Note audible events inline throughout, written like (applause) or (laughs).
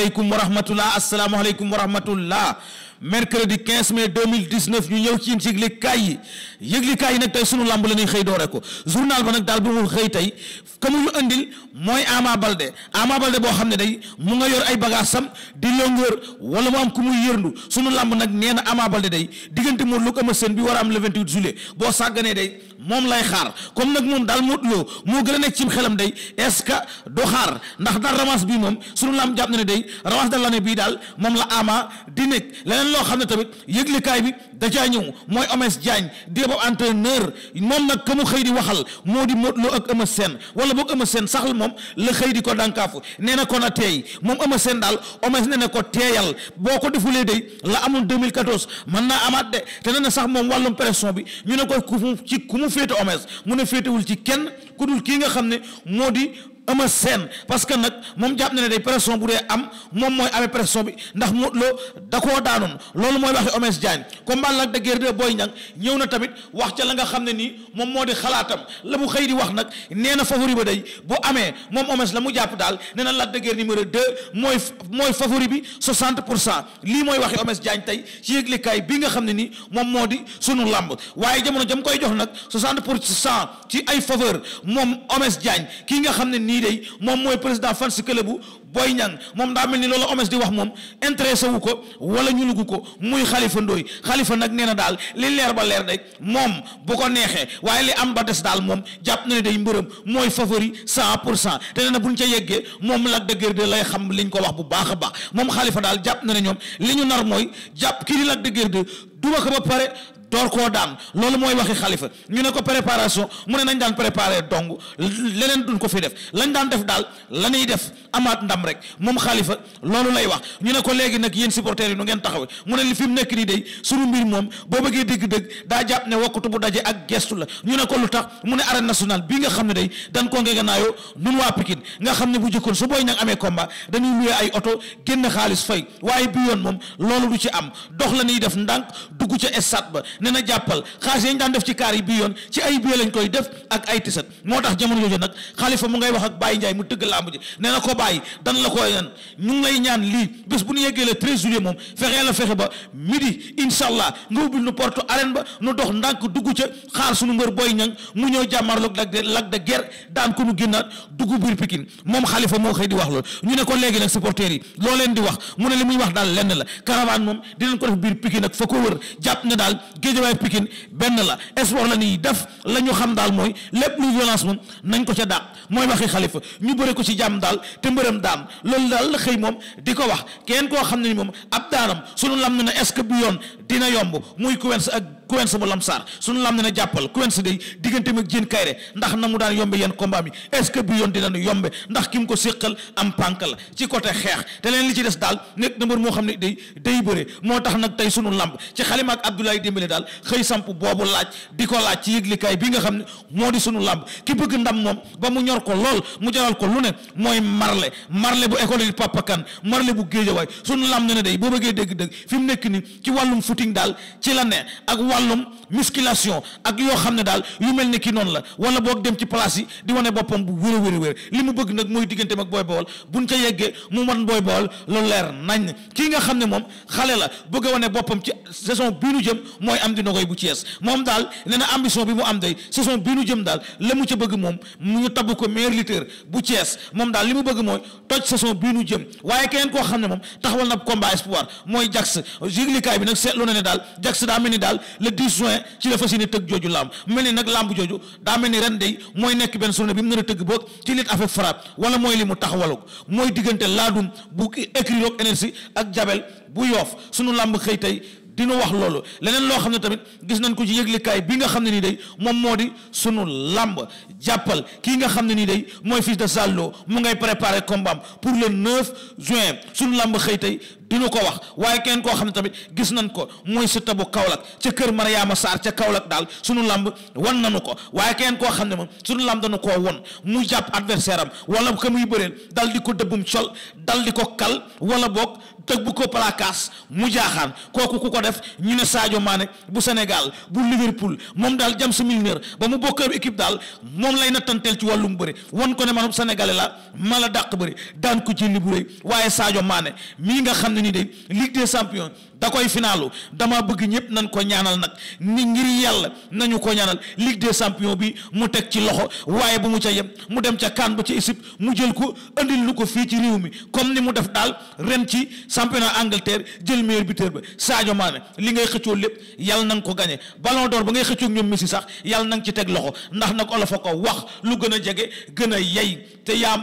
asalaamaaleykum wa rahmatullah asalaamaaleykum wa rahmatullah mercredi 15 mai 2019 ñu ñëw ci yëglikaay yi yëglikaay yi nag tey sunu lamb la ñuy xëy doore ko journal ba nag daal bu mu xëy tey ka mu ñu andil mooy Ama Balde boo xam ne day mu nga yor ay bagages sam di longueur wala mu am ku muy yërndu sunu lamb nag nee na Ama Balde day diggante Modou Lo ak Eumeu bi war a am le 28 juillet boo sàgganee day. moom lay xaar comme nag moom daal Modou moo gën a nekk ci xelam day est-ce que du xaar ndax daal ramas bi moom sunu laam jàpp na ne day ramas daal la ne bii daal moom la ama di nekk leneen loo xam ne tamit yëglikaay bi da caa ñëw mooy Omes Diagne di ba entraîneur moom nag ka mu xëy di waxal moo di Modou Lo ak Eumeu Sène wala boog Eumeu Sène saxal moom la xëy di ko dànkaafu nee na ko na teey moom Eumeu Sène daal Omes nee na ko teeyal boo ko defulee day la amoon 2014 mën naa amaat de te nee na sax moom wàllum pression bi féete omes mu ne féetewul ci kenn ku dul kii nga xam ne moo di Eumeu Sène parce que nag moom jàpp na ne day pression bu dee am moom mooy amee pression bi ndax Modou Lo da koo daanoon loolu mooy waxi Eumeu Diagne combat Lac de Guiers 2 ñëw na tamit wax ca la nga xam ne nii moom moo di xalaatam la mu xëy di wax nag nee na favori ba day bu amee moom Eumeu la mu jàpp daal nee na Lac de Guiers numéro 2 mooy mooy favori pour cent lii mooy waxi Eumeu Diagne tey ci yëglikaay bi nga xam ne nii moom moo di sunu làmb waaye jamono jam koy jox nag 60 pour cent ci ay faveur moom Eumeu Diagne kii nga xam ne nii bii day moom mooy président fans club bu Boy Niang moom daa mel ni loolu omes di wax moom intéressé ko wala ñu lugu ko muy Xalifa Ndoy Xalifa nag nee na daal li leer ba leer day moom boo ko neexee waaye li am ba des daal moom jàpp na ne day mbërëm mooy favori cent pour cent te nee na buñ ca yeggee moom Lac de Guiers de lay xam liñ ko wax bu baax a baax moom Xalifa daal jàpp na ne ñoom li ñu nar mooy jàpp kii di Lac de duma ko ba pare door koo daan loolu mooy waxi xalifa ñu ne ko préparation mu ne nañ daan préparé dong leneen duñ ko fi def lañu daan def daal la ñuy def amaat ndam rek moom xalifa loolu lay wax ñu ne ko léegi nag yéen supporters yi nu ngeen taxawe mu ne li fi mu nekk nii day sunu mbir moom boo bëggee dégg dëgg daa jàpp ne wokkatu bu daje ak gestu la ñu ne ko lu tax mu ne arène national bi nga xam ne day dañ ko ngee naayoo nun waa Pikine nga xam ne bu jëkkoon su booy nag amee combat dañuy luye ay oto génn xaalis fay waaye bi yoon moom loolu du ci am dox la ñuy def ndànk dugg ca stade ba ne na jàppal xaalis yañ daan def ci kaar yi bii yoon ci ay bii lañ koy def ak ay tisat moo tax jamono jooju nag xalifa mu ngay wax ak Baye Ndiaye mu tëgg làmb ji ne na ko bàyyi dan la koy lay ñaan lii bés bu ñu yeggee le 13 juillet moom fexee la fexe ba midi incha allah nga ubbil nu porte arène ba nu dox ndànk dugg ca xaar suñu mbër Boy Niang mu ñëw jàmmarloog lag de lag de daan ko nu génnaat dugg biir Pikine moom xalifa moo xëy di wax loolu ñu ne ko léegi nag supporters yi loo leen di wax mu ne li muy wax daal lenn la caravane moom dinañ ko def biir Pikine nag fa wër jàpp ne daal Géejawaay Pikine benn la espoir la nii def la xam daal mooy lépp lu violence moom nañ ko ca dàq mooy waxi xalifa ñu bëri ko ci jàmm daal te mbërëm daan loolu daal la xëy moom di ko wax kenn koo xam ne ni moom ab daanam sunu lam na ne est bu yoon dina yomb muy kuwensa ak kuwen sa bu lamsaar suñu lam ne na jàppal kuwen sa day diggante mag jén kayre ndax na mu daan yombe yenn combat mi est-ce que bu yoon dinañu yombe ndax ki mu ko séqal am pànk la ci côté xeex te leen li ci des daal nekk na mbër moo xam ne day day bëre moo tax nag tey sunu lamb ci xalima ak Abdoulaye Dembélé daal xëy samp boobu laaj di ko laaj ci yëglikaay bi nga xam ne moo di sunu lamb ki bëgg ndam moom ba mu ñor ko lool mu jaral ko lu ne mooy marle marle bu école di Papa Kane marle bu géejawaay sunu lamb ne ne day boo bëggee dégg-dégg fi mu nekk ni ci wàllum footing daal ci la ne ak wàllum musculation ak yoo xam ne daal yu mel ne ki noonu la wala boog dem ci place yi di wane boppam bu wér a a wér li mu mu man a wane boppam ci saison am di bu moom daal nee na bi mu am day saison bii nu jëm daal la mu ca bëgg moom mu ñu tabb ko meilleur lutteur bu Thiès moom daal li mu bëgg mooy toj saison bii nu jëm waaye keneen koo xam ne moom taxawal na combat espoir mooy Jax yëglikaay bi nag seetlu na ne daal Jax daa mel ni daal le 10 juin ci la fas tëgg jooju làmb mel ni nag làmb jooju daa mel ni ren de mooy nekk benn journée bi mu nar a tëgg boog ci lit avec frappe mooy li mu taxawaloog mooy diggante laadum bu écrit roog énergie ak jabel bu yoof sunu làmb xëy tey dinu wax loolu leneen loo xam ne tamit gis nañ ko ci yëglikaay bi nga xam ne nii day moom moo di sunu làmb jàppal kii nga xam ne nii day mooy fils de Zallo mu ngay préparer combat pour le 9 juin sunu làmb xëy tey duñu ko wax waaye kenn koo xam ne tamit gis nañ ko muy Siteu bu Kaolack ca kër Mariama Sarr ca Kaolack daal sunu lamb wan nañu ko waaye kenn koo xam ne moom sunu lamb dañu koo won mu jàpp adversaire am wala ko muy bëreel dal di ko dëbbum col dal di ko kal wala boog tëg bu ko placage mu jaaxaan kooku ku ko def ñu ne Sadio Mané bu Sénégal bu Liverpool moom daal jam si milinaire ba mu bokkee équipe daal moom lay nattanteel ci wàllum bëri wan ko ne la ma la dàq bëri daan ko ci li bu rëy waaye Sadio Mané mii nga xam ne ne ni de Ligue des champions da koy finaalu dama bëgg ñëpp nañ ko ñaanal nag ni ngir yàlla nañu ko ñaanal Ligue des champions bi mu teg ci loxo waaye bu mu ca yem mu dem ca kaan ba ci Égypte mu jël ko andil lu ko fii ci réew mi comme ni mu def daal ren ci championnat Angleterre jël meilleur buteur ba Sadio Mané li ngay xëccoo lépp yal nañ nga ko gagné ballon d'or ba ngay xëccoo ñoom Messi sax yàlla na ci teg loxo ndax nag olof a ko wax lu gën a jege gën a yey te yaa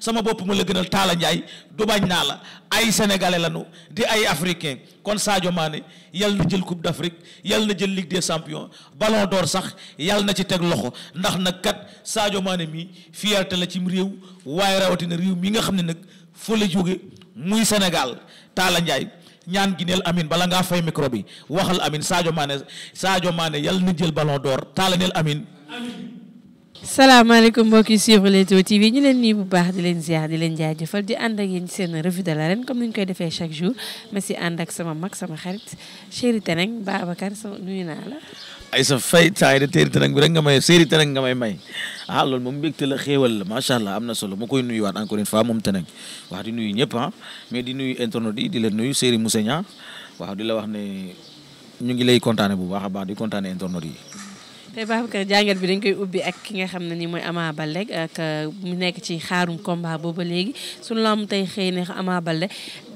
sama bopp ma la gënal Talla Ndiaye du bañ naa la ay sénégalais lañu di ay africain kon saajo Mané yal na jël coupe d'Afrique yal na jël ligue des champions ballon d'or sax yal na ci teg loxo ndax nag kat Sadio Mané mi fierté la cim réew waaye rawatina réew mii nga xam ne nag fa la jóge muy Sénégal Talla Ndiaye ñaan gi neel amin bala ngaa fay micro bi waxal amin saajo Mané Sadio Mané yal na jël ballon door Talla neel amin amin salaamaaleykum mbokk yi suivre Leewtoo TV ñu leen nii bu baax di leen ziar di leen jaay jaajëfal di ànd ak yéen seen revue de l'arène comme ni ñu koy defee chaque jour ma si ak sama mag sama xarit Chéri Teneng Babacar sa nuyu naa la. ay sa fay taay de Chéri Teneng bi rek nga may Chéri Teneng nga may may ah loolu moom mbégte la xéewal la macha allah am na solo ma koy nuyuwaat encore une fois moom Teneng wax di nuyu ñëpp ah, mais di nuyu internautes yi di la nuyu Chéri Moussa Niang waaw di la wax ne ñu ngi lay kontaane bu baax a baax di kontaane internautes yi. tey Babacar jàngat bi dañ koy ubbi ak ki nga xam ne nii mooy Ama Baldé ak euh, mu nekk ci xaarum combat booba léegi la lam tey xëy ne Ama Baldé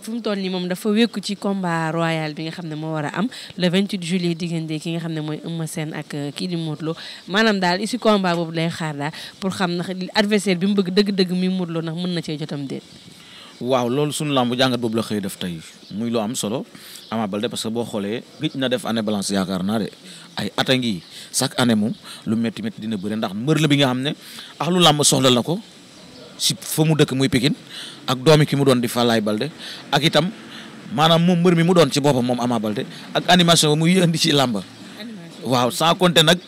fu mu toll ni moom dafa wékku ci combat royal bi nga xam ne moo war a am le 28 juillet diggante ki nga xam ne mooy Eumeu seen ak euh, kii di Modou Lo maanaam daal isi combat boobu lay xaar daal pour xam ndax adversaire bi mu bëgg dëgg-dëgg mi Modou Lo ndax mën na cee jotam déet waaw loolu suñu làmb jàngat boobu la xëy def tey muy loo am solo Ama Baldé parce que boo xoolee gëj na def année balance yaakaar naa de ay at a ngi chaque année moom lu métti métti dina bëre ndax mbër la bi nga xam ne ax lu làmb soxla la ko si fa mu dëkk muy Pikine ak doomi ki mu doon di Falaye balde ak itam maanaam moom mbër mi mu doon ci boppam moom Ama Baldé ak animation ba muy indi ci làmb waaw sans compter nag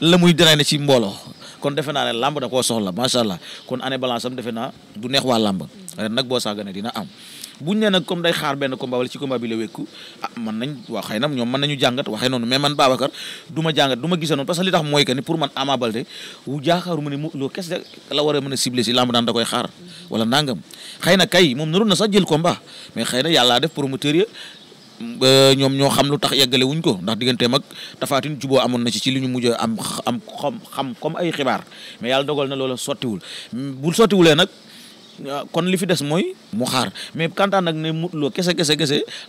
la muy drainer ci mbooloo kon defe naa ne làmb da koo soxla macha allah kon année balance am defe naa du neex waa làmb ren ne nag comme day xaar benn combat wala ci combat bi la wékku ah man na ñoom nañu jàngat waxee noonu mais man Babacar du ma jàngat du ma gisee noonu parce que li tax mooy que ni pour man Ama Baldé wu jaaxaaru ma ne Modou Lo kese la war a mën a ciblé si làmb daan da koy xaar wala nangam xëy na kay moom naroon na sax jël combat mais xëy na yàlla def promoteur ya ñoom ñoo xam lu tax yeggale wuñ ko ndax digganteem ak tafaatin juboo amoon na ci ci li ñu mujj am am xam xam comme ay xibaar mais yàlla dogal na lool loola sottiwul bu sottiwulee nag Ah, kon li fi des mooy mu xaar mais kantaan nag ne Modou Lo kese kese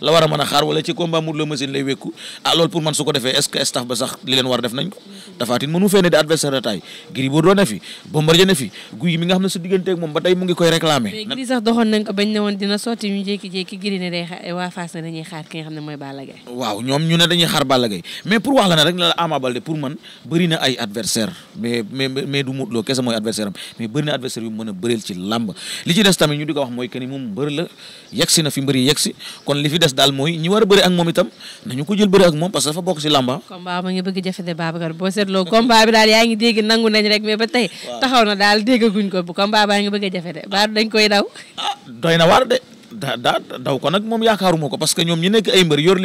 la war a mën a xaar wala ci combat Modou Lo machine lay wekku ah loolu pour man su ko defee est-ce que staff ba sax li leen war def nañ ko dafaatin mënu fee di adversaire de taille xam ne su digganteeg moom ba tey mu ngi koy réclamer. mais mooy Balla Gaye. waaw ñoom ñu ne dañuy xaar Balla Gaye mais pour wax la ne rek la Ama Baldé pour man bëri ay adversaire mais mais mais adversaire am mais a bëreel ci làmb li ci des tamit ñu di ko wax mooy que moom mbër la yegsi na fi mbër yi kon li des daal mooy ñi war a bëri ak moom itam nañu ko jël bëri ak moom parce que dafa bokk si lamba ah. combat ma ngi bëgg jafe de Babacar boo seetloo combat bi daal yaa ko bu combat baa ngi bëgg dañ koy daw ah, doy na waar de daa daa daw ko nag moom yaakaaruma ko parce que ñoom ñi nekk ay mbër yor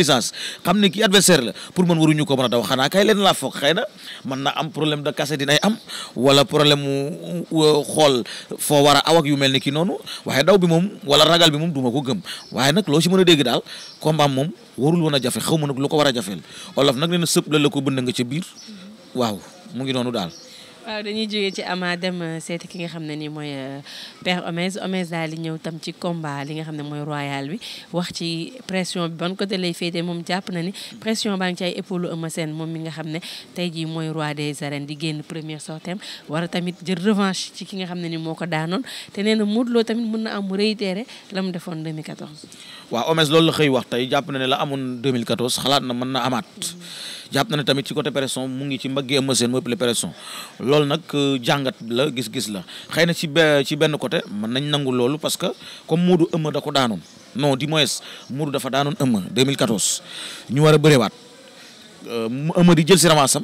xam ne kii adversaire la pour man waruñu ko mën a daw xanaa kay leen laa foog xëy na na am problème de casse dinay am wala problème mu euh, xool foo war a aw ak yu mel ni ki noonu waaye daw bi moom wala ragal bi moom duma ko gëm waaye nag loo si mën a dégg daal combat moom warul woon a jafe xaw ma nag lu ko war a jafeel olof nag nee na sëb la la ko bënd nga ca biir waaw dañuy jógee ci Ama dem euh, seeti ki nga xam ne nii mooy euh, Père Omez Omez daal di ñëw tam ci combat li nga xam ne mooy royal bi wax ci pression bi ban côté lay féetee moom jàpp na ni pression baa ngi ci ay épaule Eumeu Sène moom mi nga xam ne tey jii mooy roi des arènes di génn première sortem war a tamit jël revanche ci ki nga xam ne ni moo ko daanoon te nee na Modou Lo tamit mën na am mu réitéré la mu defoon 2014. waaw Omez loolu la xëy wax tey jàpp na ne la amoon 2014 na mën na amaat. jàpp na ne tamit ci côté pression mu ngi ci mbaggi Eumeu Sène moo ëppale pression loolu nag euh, jàngat la gis-gis la xëy na ci ci benn côté mën nañ nangu loolu parce que comme Moodu Eumeu da ko daanoon non du moins Moodu dafa daanoon Eumeu 2014 ñu war a bërewaat euh, Eumeu di jël si ramassam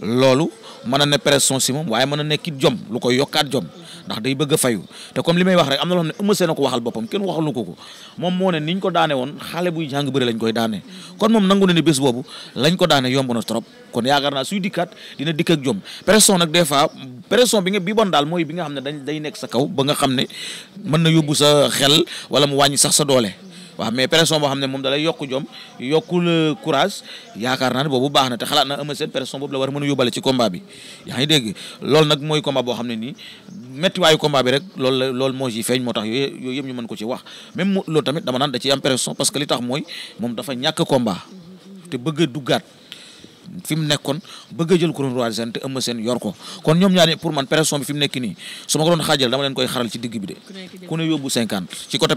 loolu mën na ne pression si moom waaye mën na nekk jom lu koy yokkaat jom ndax day bëgg a fayu te comme li may wax rek am na loo xam ne Eumeu Sène ko waxal boppam kenn waxalu ko ko moom moo ne ni ñu ko xale buy jàng bëri koy daane kon moom nangu na ne bés boobu lañ ko daane yomb na trop kon yaakaar naa suy dikkaat dina dikk ak jom pression nag des fois pression bi nga bi bon daal mooy bi nga xam ne dañ day nekk sa kaw ba nga xam ne mën na yóbbu sa xel wala mu wàññi sax sa doole waaw mais pression boo xam ne moom dalay yokku jom yokkul euh, courage yaakaar naa ne boobu baax na te xalaat na Eumeu Sène pression boobu la war a mën a yóbbale ci combat bi yaa ngi dégg nag mooy combat boo xam ne nii méttiwaayu combat bi rek loolu la loolu moo ci feeñ moo tax yooyu yooyu yëpp ñu mën ko ci wax même loolu tamit dama naan da ciy am pression parce que li tax mooy moom dafa ñàkk combat te bëgg duggaat fi nekkoon bëgg a jël couronne roi des arènes te Eumeu Sène yor ko kon ñoom ñaar pour man pression bi fi mu nii su ma doon xaajal dama leen koy xaral ci digg bi de ku ne yóbbu ci côté a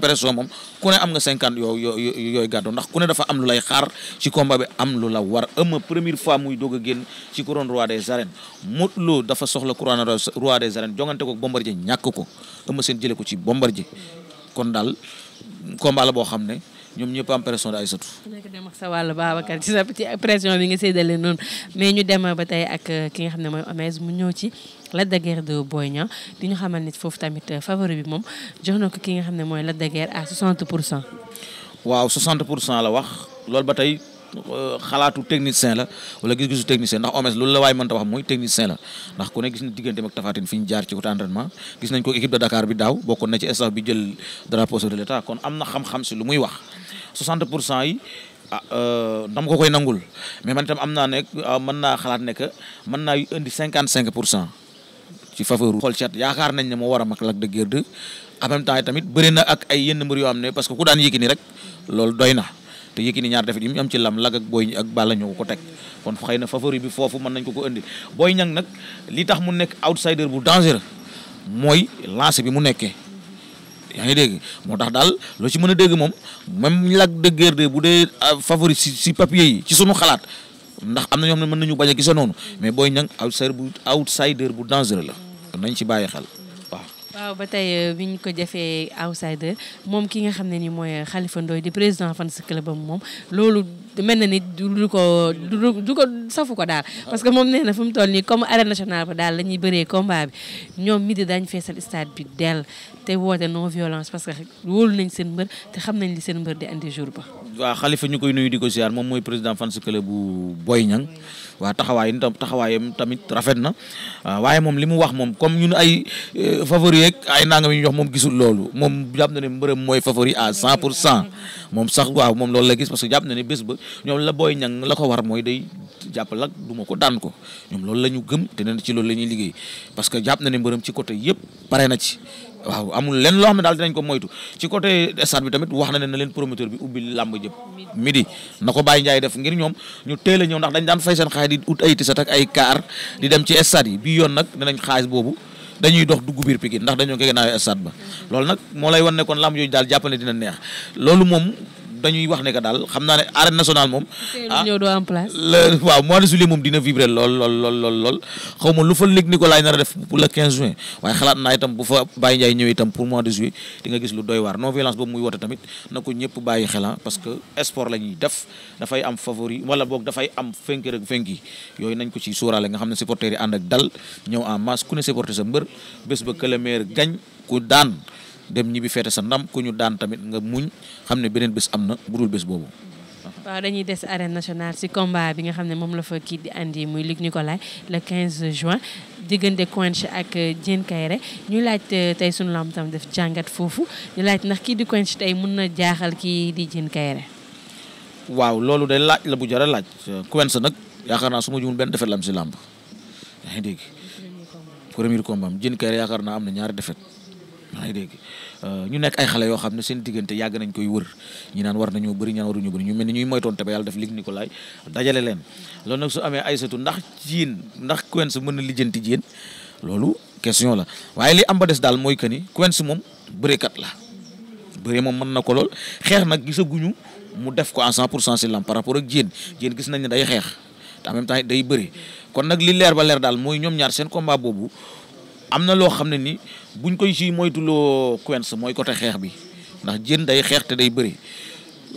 boo xam ne ñoom ñëpp am pression de Aïssatou. nekk dem la sa wàll Babacar ci sa ci pression bi nga séddale noonu mais ñu dem ba tey ak euh, ki nga xam ne mooy Omez mu ñëw ci Lac de Guiers 2 di ñu xamal ni foofu tamit euh, favori bi moom jox na ko ki nga xam ne mooy Lac de Guiers à pour cent. waaw 60 pour cent la wax loolu ba tey. xalaatu technicien la wala gis-gisu technicien ndax OMS loolu la waaye mënta wax mooy technicien la ndax ku ne gis na diggante ak Tapha Tine jaar ci côté entraînement gis nañ ko équipe de Dakar bi daaw bokkoon na ci staff bi jël drapeau am na xam-xam si lu muy wax 60 pour cent yi ah euh, ko koy nangul mais man itam am naa ne ah, mën naa xalaat ne que mën naa indi 55 pour cent ci faveur xool cat yaakaar nañ ne moo war a mag Lac de Guiers 2 en même tamit bëri na ak ay yenn mbir yoo xam ne parce que ku daan Yékini rek loolu doy na te Yékini ñaar defet yi mu am ci lam lag ak Boy ak Balla ñoo ko teg kon xëy na favori bi foofu mën nañ ko ko indi booy Niang nag li tax mu nekk outsider bu dangereux mooy lancé bi mu nekkee yaa ngi dégg moo tax daal loo ci mën a dégg moom même Lac de Guiers bu dee euh, favori si si papier yi ci sunu xalaat ndax am na ñoo xam ne mën nañu bañ a gisee noonu mais Boy Niang outsider bu outsider bu dangereux la nañ ci bàyyi xel waaw ba tey euh, bi ñu ko jafee outsider moom ki nga xam ne ni mooy Khalifa Ndoye di président fan si club am moom loolu mel na ni du ko du ko safu ko daal parce que moom nee na fu mu toll nii comme arène nationale ba daal la ñuy bëree combat bi ñoom midi daañ feesal stade bi dell te woote non violence parce que wóolu nañ seen mbër te xam nañ li seen mbër di andi jour ba waaw xalifa ñu koy nuyu di ko siyaar moom mooy président fans club bu Boy Niang waaw taxawaay taxawaayam tamit rafet na ah, waaye moom li mu wax moom comme ñun ay eh, favori yeeg ay nangam yu ñu wax moom gisul loolu moom jàpp na ne mbërëm mooy favori à cent pour cent moom sax waaw moom loolu la gis jàpp na ne bés ba ñoom la booy ñang la ko war mooy day jàpp lak du ko daan ko ñoom loolu la ñu gëm te nee ci loolu la ñuy liggéey parce que jàpp na ne mbërëm ci côté yëpp pare na ci waaw amul xam ne daal dinañ ko moytu ci côté stade bi tamit wax na ne na leen promoteur bi ubbi làmb jëpp midi na ko Baye Ndiaye def ngir ñoom ñu teel a ñëw ndax dañ daan fay seen xaalis di ut ay yoon nag dinañ xaalis boobu dañuy dox dugg biir Pikine ndax dañoo ko gënaaw stade ba mm-hmm. loolu moo lay wan ne kon làmb yooyu daal jàpp loolu moom dañuy wax ne que daal xam naa ne arène nationale moom. ah ñëw doo am place. Ah, le waaw mois de juillet moom dina vibrer lool lool lool lool lool xaw ma lu fa léegi ni ko a def pour le 15 juin waaye xalaat naa itam bu fa Baye Ndiaye ñëwee itam pour mois de juillet di nga gis lu doy waar non violence boobu muy woote tamit na ko ñëpp bàyyi xel ah, parce que sport la def dafay am favori wala boog dafay am fenk rek fenk yi yooyu nañ ko ci sóoraale nga xam ne supporters yi ànd ak dal ñëw dem ñibbi feete sa ndam ku ñu daan tamit nga muñ xam ne beneen bés am na budul bés boobu. waaw dañuy des arène nationale si combat bi nga xam ne moom la fa kii di indi muy ligg Luc Nicolaï le 15 juin diggante Quench ak Diène Kairé ñu laaj euh, tey suñu lamb tam def jàngat foofu ñu laaj ndax kii di Quench tey mun na jaaxal kii di Diène Kairé. waaw loolu day laaj la bu jar a laaj Quench nag yaakaar naa su ma juumul benn defet la si ci làmb yaa ngi dégg. premier combat am Diène Kairé yaakaar naa am na ñaari defet. maa ngi euh, ñu nekk ay xale yoo xam ne seen diggante yàgg nañ koy wër ñi naan war nañoo bëri ñi naan waruñu bëri ñu mel ni ñuy moytoon te ba yàlla def lig Nicolas dajale leen loolu nag su amee Aysatu ndax jiin ndax Quench mën na lijjanti jiin loolu question la waaye li am ba des daal mooy que ni Quench moom kat la bëree moom mën na ko lool xeex nag gisaguñu mu def ko en cent pour cent si lam par rapport ak jéen jéen gis nañ ne day xeex en même temps day bëri kon nag li leer ba leer daal mooy ñoom ñaar seen combat boobu am buñ koy ci moytuloo Quench mooy côté xeex bi ndax jën day xeex te day bëri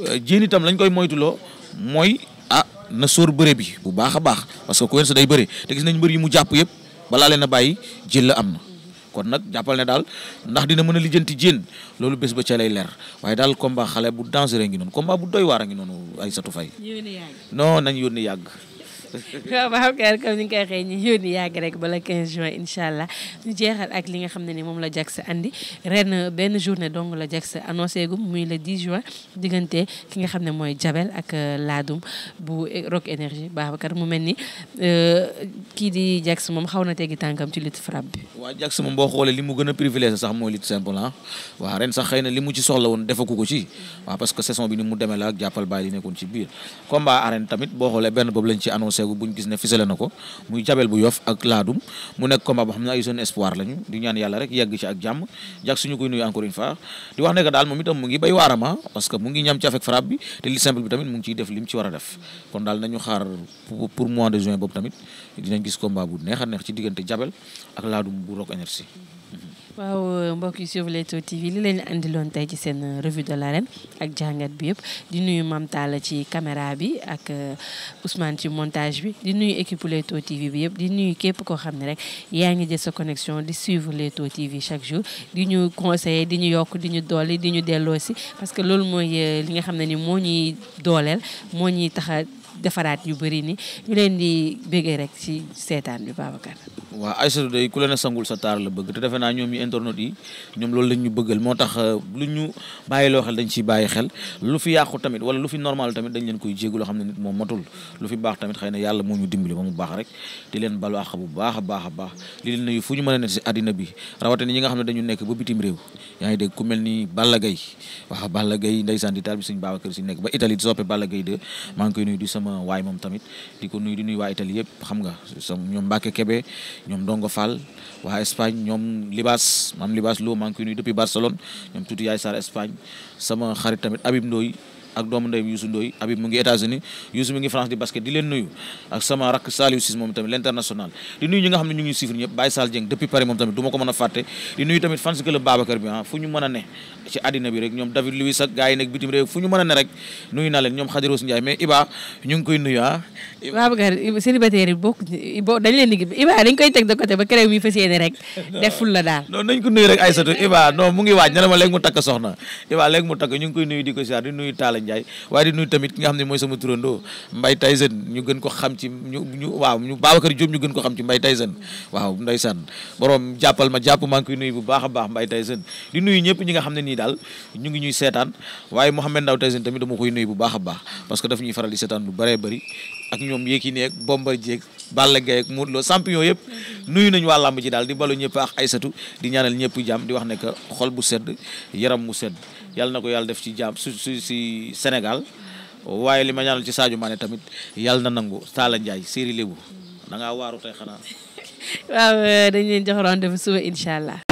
euh, jën itam lañ koy moytuloo mooy ah na sóor bëre bi bu baax a baax parce que Quench day bëri te gis nañ mbër yi mu jàpp yëpp balaa leen a bàyyi jël la am na kon nag jàppal ne daal ndax dina mën a lijjanti jën loolu bés ba ca lay leer waaye daal combat xale bu dangereux ngi noonu combat bu doy waar a ngi noonu Aïssatou Faye non nañ yónni yàgg waaw kay comme ni nga ko waxee ñu yónni yàgg rek bala 15 juin incha allah ñu jeexal ak li nga xam ne ni moom la Jaks andi ren benn journée dong la Jaks annoncé gum muy le 10 juin diggante ki nga xam ne mooy Jabel ak euh, Laadum bu eh, Rock Énergie kar mu mel ni euh, kii di Jaks moom xaw na teggi tànkam ci lutte frappe bi. waaw Jaks moom boo xoolee li mu gën a privilégié sax mooy lutte simple ah waaw ren sax xëy na li mu ci soxla woon defaku ko ci waaw parce que saison bi ni mu demee la ak jàppal bàyyi di nekkoon ci biir combat arène seegu buñ gis ne fisale muy jabel bu yof ak laadum mu nekk combat boo xam ne ay zone espoir lañu di ñaan yàlla rek yegg ci ak jàmm jak suñu koy nuyu encore une fois di wax nekk daal moom itam mu ngi bay waarama parce que mu ngi ñam ci avec frappe bi te li simple bi tamit mu ngi ciy def li ci war a def kon daal nañu xaar pour mois de juin boobu tamit dinañ gis combat bu neex a neex ci diggante jabel ak laadum bu rok énergie waaw mbokk yi suivre Leewtoo TV li leen andiloon tey ci seen revue de ren ak jàngat bi yëpp di nuyu Mame Talla ci caméra bi ak euh, Ousmane ci montage bi di nuyu équipe Leewtoo TV bi yëpp di nuyu képp koo xam ne rek yaa ngi jël sa connexion di suivre Leewtoo TV chaque jour di ñu conseiller di ñu yokk di ñu dolli di ñu delloo si parce que loolu mooy euh, li nga xam ne ni moo ñuy dooleel moo ñuy tax a defaraat yu bëri ni ñu leen di béggee rek ci seetaan bi Babacar waaw Aïssatou day ku leen a sangul sa taar la bëgg te defe naa ñoom ñu internet yi ñoom loolu lañ ñu bëggal moo tax euh, lu ñu bàyyi loo xel dañ ciy bàyyi xel lu fi yàqu tamit wala lu fi normal tamit dañ leen koy jéegu loo xam ne nit moom matul lu fi baax tamit xëy na yàlla moo ñu dimbali ba mu baax rek di leen balu àq bu baax a baax a baax li leen fu ñu mën a ne si àddina bi rawatina ñi nga xam ne dañu nekk ba bitim réew yaa ngi dégg ku mel ni Balla Gaye waaw Balla Gaye ndeysaan di taal bi suñu Babacar si nekk ba Italie di soppe Balla Gaye de maa ngi koy nuyu di sama waay moom tamit di ko nuyu di nuyu waa Italie yëpp xam nga ñoom Ndongo Fall waa Espagne ñoom Libaas maam Libaas Lo maa ngi koy nuyu depuis Barcelone ñoom tuuti yaay Sarr Espagne sama xarit tamit Habib Ndoye ak doomu ndeyam Youssou Ndoye Habib mu ngi États-Unis Youssou mi ngi France di basket di leen nuyu ak sama rakk Saliou Ciss moom tamit l'international di nuyu ñi nga xam ne ñu ngi suivre ñëpp Baye a bi ah, fu ñu mën a ne ci bi rek ñoom David Louis ak gars yi bitim réew fu ñu mën a ne rek nuyu naa leen ñoom Khadiros Ndiaye mais Iba ñu ngi koy nuyu ah Babacar célibataire yi dañ leen di Iba dañ (laughs) mu ngi waaj ne ma léegi mu takk soxna Iba léegi mu takk ñu ngi Baara waaye di nuyu tamit ki nga xam ne mooy sama turandoo Mbaye Tyson ñu gën ko xam ci ñu ñu waaw ñu Babacar Diop ñu gën ko xam ci Mbaye Tyson waaw ndeysaan borom jàppal ma jàpp man ngi nuyu bu baax a baax Mbaye Tyson di nuyu ñëpp ñi nga xam ne nii daal ñu ngi ñuy seetaan waaye Mouhamed Ndaw Tyson tamit dama koy nuyu bu baax a baax parce que daf ñuy faral di seetaan bu bëree bëri ak ñoom Yékini ak Bombardier ak Balla Gaye ak Modou yëpp nuyu nañu waa làmb ji daal di balu ñëpp ak Aysatu di ñ ñëpp jàmm di wax ne xol bu sedd yaram mu sedd yàlla na ko yàlla def ci jàmm su si Sénégal waaye lima ma ñaanal ci Sadio Mané tamit yàlla na nangu Talla Ndiaye Siri Lébu da ngaa waaru tey xanaa. (laughs) waaw dañ leen jox rendez-vous suba incha allah.